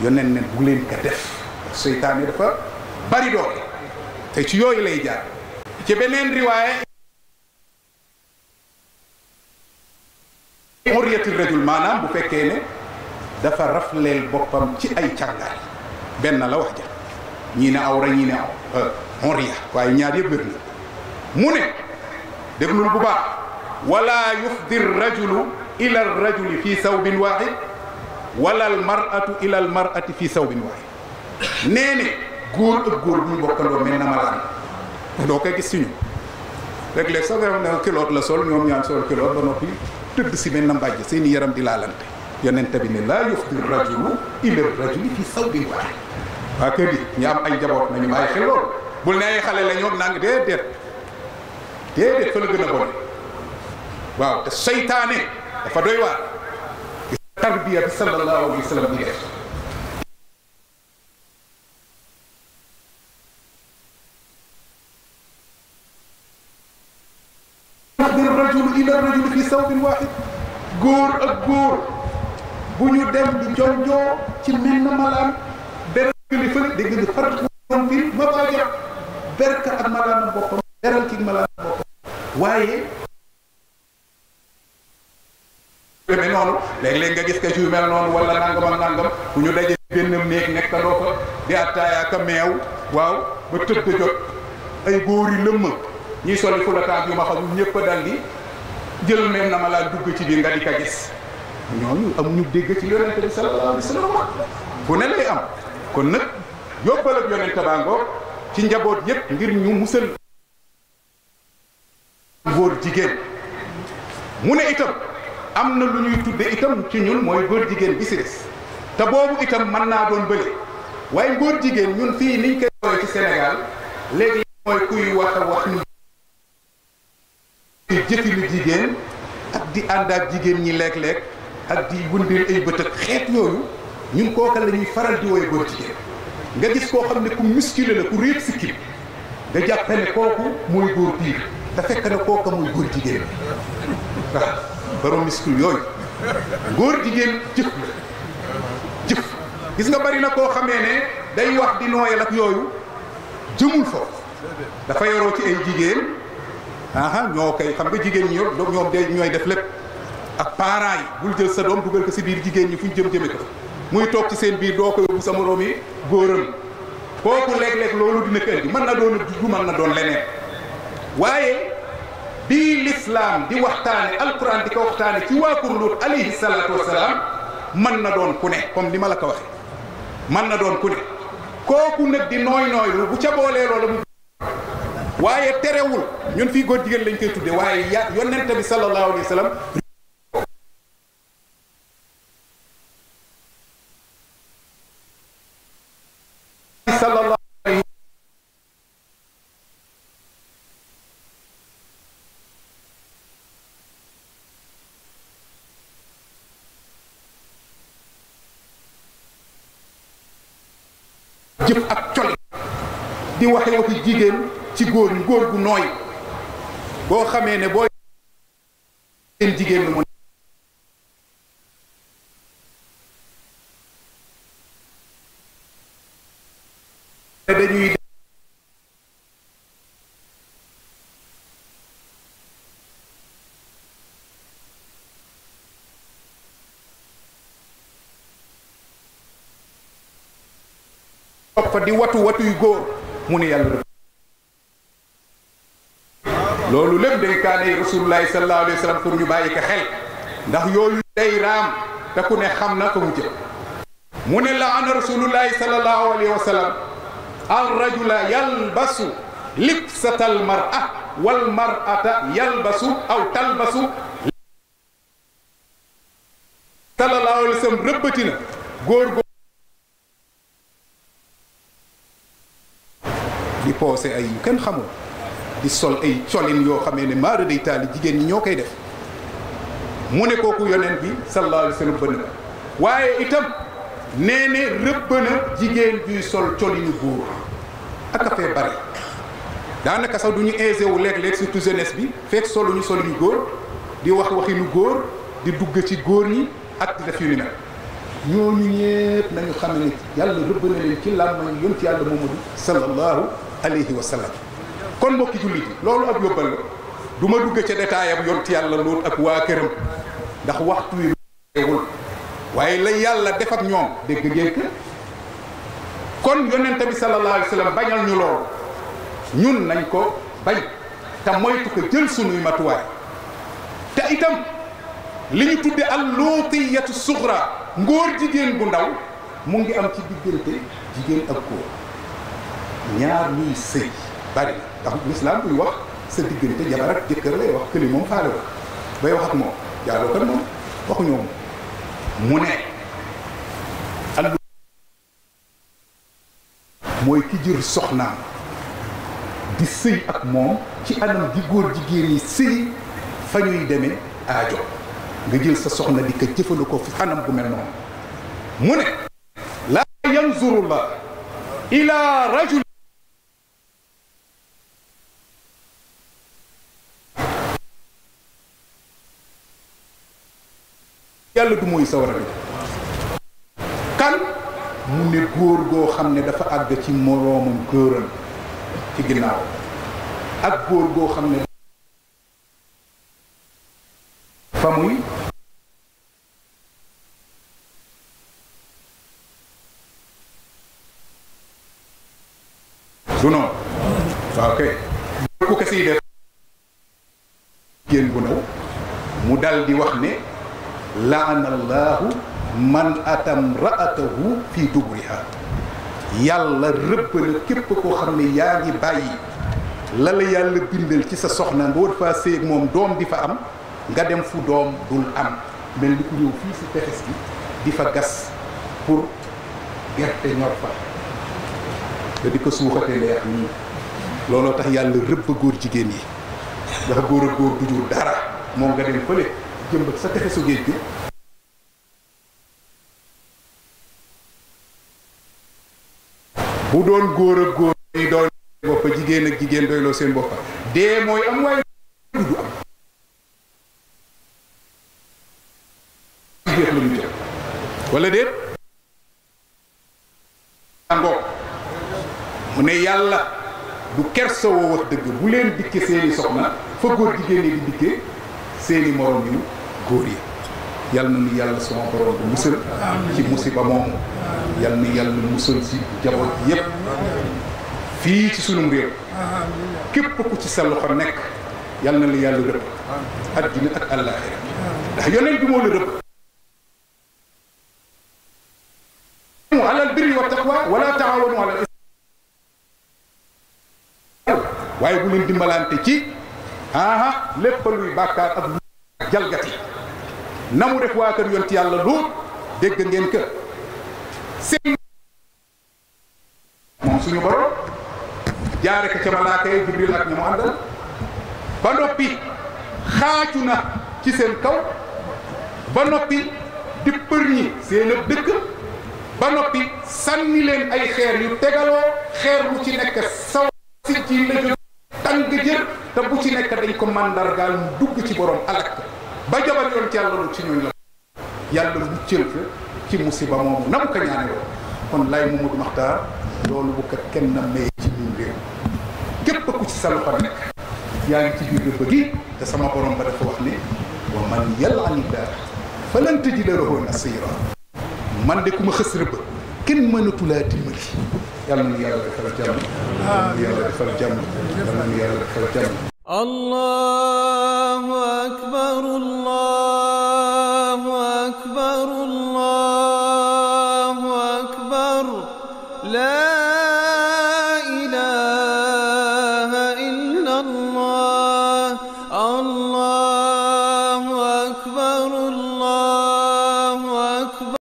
yoneen ne bu leen ko def seytaane dafa bari doole te ci yooyu lay jaar ci beneen riwaaye uryatul rajul maanaam bu fekkee ne dafa rafleel boppam ci ay càngaay benn la wax ja ñii ne awra aw euh, urya waaye ñaar yëpp wér na mu ne déglul bu baax wala yufdi rajulu ila rajuli fi sawbin waaxid wala al maratu ila al marati fi waaxid nee ne góor ak góor bu ñu bokkandoo mel na malaan doo koy gis si ñu léeg-léeg sax nga kiloot la sol ñoom ñaan sol kiloot ba noppi tëdd si benn mbàjj seen yaram di laalante yonent bi ne laa yufdi rajulu ila rajuli fi sawbin waahid waa kër gi ñu am ay njaboot nañu bàyyi xel loolu bul ne ay xale la ñoom nang déedéet déedéet fa la gën a bon waaw te seytaane dafa doy waar tarbiya bi sallallahu alayhi wa sallam sawtin waaxid góor ak góor bu ñu dem di jonjoo ci mel na malaan beral li fële ma baa jot berka ak malaanam boppam beral ci malaanam boppam waaye demee léeg nga gis ka ci yu mel noonu wala nangam ak nangam bu ñu daje benn néeg nekk doo fa di attaaya ka meew waaw ba tëdd jot ay góor yi lëmm ñiy soli fulataag yu ma xam ñëpp a dal jël même na ma laa dugg ci biir nga di ka gis ñooñu amuñu dégg ci yonente bi sallallahu alayhi wa sallam bu ne lay am kon nag yóbbal ak baa ngoog ci njaboot yépp ngir ñu musal góor jigéen mu ne itam am na lu ñuy tudde itam ci ñun mooy góor jigéen bisi si te boobu itam mën naa doon bële waaye góor jigéen ñun fii niñ koy woowee léegi mooy ci jëfinu jigéen ak di ànd jigéen ñi léeg-léeg ak di wëndeel ay bët ak xeet yooyu ñun kooka la faral di woy góor jigéen nga gis koo xam ne ku musculé la ku réet sikkim nga jàppe ne kooku mooy góor biir te fekk na kooka mooy góor jigéen ndax borom góor jigéen jëf la gis nga bari na koo xamee ne day wax di nooyal ak yooyu jëmul foofu dafa yoroo ci ay jigéen aha ñoo koy xam nga jigéen ñi yëpp ñoom de ñooy def lépp ak parents yi bul jël sa doom dugal ko si biir jigéen ñi fu ñu jëm jëme ko muy toog ci seen biir doo ko yóbbu sa moroom yi góoram kooku léeg-léeg loolu dina ko indi mën na doon du mën na doon leneen waaye bii lislaam di waxtaane alquran di ko waxtaane ci waa Kër Louga alayhi salaatu wasalaam mën na doon ku ne comme li ma la ko waxee mën na doon ku ne kooku nag di nooy nooylu bu ca boolee loolu. waaye terewul ñun fii góor jigéen lañ koy tudde waaye ya yonent bi sallallahu alayhi wa ci góor góor gu nooy boo xamee ne boo seen jigéen mu ne dañuy topp di watu watuy góor mu ne yàlla loolu lépp dénkaane rasulullahi sallallahu alayhi wa sallam pour ñu bàyyi ko xel ndax yooyu day raam te ne xam na ko mu mu ne la ana rasulullahi sallallahu alayhi wa sallam al rajula yalbasu libsatal mar'a wal mar'ata yalbasu aw talbasu sallallahu alayhi wa sallam di poose ay yu xamul di sol ay colin yoo xamee ne maara day taali jigéen ñi ñoo koy def mu ne kooku yonent bi sallallahu alayhi wa sallam bënn ko waaye itam nee ne rëbb na jigéen juy sol colinu góor ak a fee bare daanaka sax du ñu aisé wu léeg-léeg surtout jeunesse bi fekk soluñu soluñu góor di wax waxinu góor di dugg ci góor ñi ak di def yu ni mel ñooñu ñëpp nañu xam ne yàlla rëbb na leen ci làmmañ yoon ci yàlla Muhammadu sallallahu alayhi wa sallam kon mbokki jullit yi loolu ab yóbbal la du ma dugg ca détail ab yont yàlla lool ak waa këram ndax waxtu wi teewul waaye la yàlla def ak ñoom dégg ngeen kon yonent bi sallallahu alayhi wa bañal ñu loolu ñun nañ ko bañ te moytu ko jël sunuy matuwaay te itam li ñu tudde allootiyatu suxra ngóor jigéen bu ndaw mu ngi am ci diggante jigéen ak góor ñaar ñuy sëy bari ndax lislaam buy wax sa diggante jabar ak jëkkër lay wax këli moom faale ko bay wax ak moom jaaloo kan moom waxu ñoom mu ne allu mooy ki jur soxnaam di sëy ak moom ci anam gi góor jigéen yi sëy fa ñuy deme aajo nga jël sa soxna di ko jëfandikoo anam bu mel noonu mu ne laa yanzuru la ila rajul yàlla du mooy sawara bi kan mu ne góor goo xam ne dafa àgg ci moroomam góoram ci ginnaaw ak góor goo xam ne la'anallahu man atam ra'atahu fii duburiha yàlla rëbb na képp koo xam ne yaa ngi bàyyi la la yàlla bindal ci sa soxna nga war faa séeg moom doom di fa am nga dem fu doom dul am mel ni ku ñëw fii si tefes bi di fa gas pour gerte ñor fa te di ko suuxate neex nii looloo tax yàlla rëbb góor jigéen yi ndax góor góor du jur dara moom nga dem fële jëmbat sa tefesu géej gi bu doon góor ak góor ñi boppa jigéen ak jigéen doyloo seen boppa dee mooy am waaye du am jeex la mu wala déet mu ne yàlla du kersa woo wax dëgg bu leen dikke seeni soxna fa góor jigéen ñi di dikke seeni morom yu góor yi yal na nu yàlla sama borom bu musal ci musiba moomu yal na yàlla musal ci jaboot yépp fii ci sunum réew képp ku ci sa loxo nekk yal na la yàlla rëbb adduna ak àllaaxira ndax yonent bi moo la rëbb alal birri waaye bu leen dimbalante ci aha lépp luy bàkkaar jalgati na mu def waa kër yonent yàlla luut dégg ngeen kër seen moom suñu borom jaare ko ca malaaka yi Jibril ak ñu mu àndal ba noppi xaaju na ci seen kaw ba noppi di përñi seen ab dëkk ba noppi sànni leen ay xeer yu tegaloo xeer bu ci nekk saw si ci la jóg tàng jër te bu ci nekk dañ ko màndargaal mu dugg ci borom alak ba jabar yoon ci lu ci ñooñ la yàlla muccal ko ci musiba moomu na mu ko ñaane woon kon lay Mamadou Makhtar loolu bu ko kenn maye ci ñun réew képp ku ci sa loxo nekk yaa ngi ci biir rëbb gi te sama borom ba dafa wax ne wa man yal'anillah falan tajida lahu nasira man de ku ma xës rëbb kenn mënatu laa dimbali yàlla na ñu yàlla defal jàmm yàlla defal jàmm yàlla na ñu yàlla defal jàmm الله أكبر الله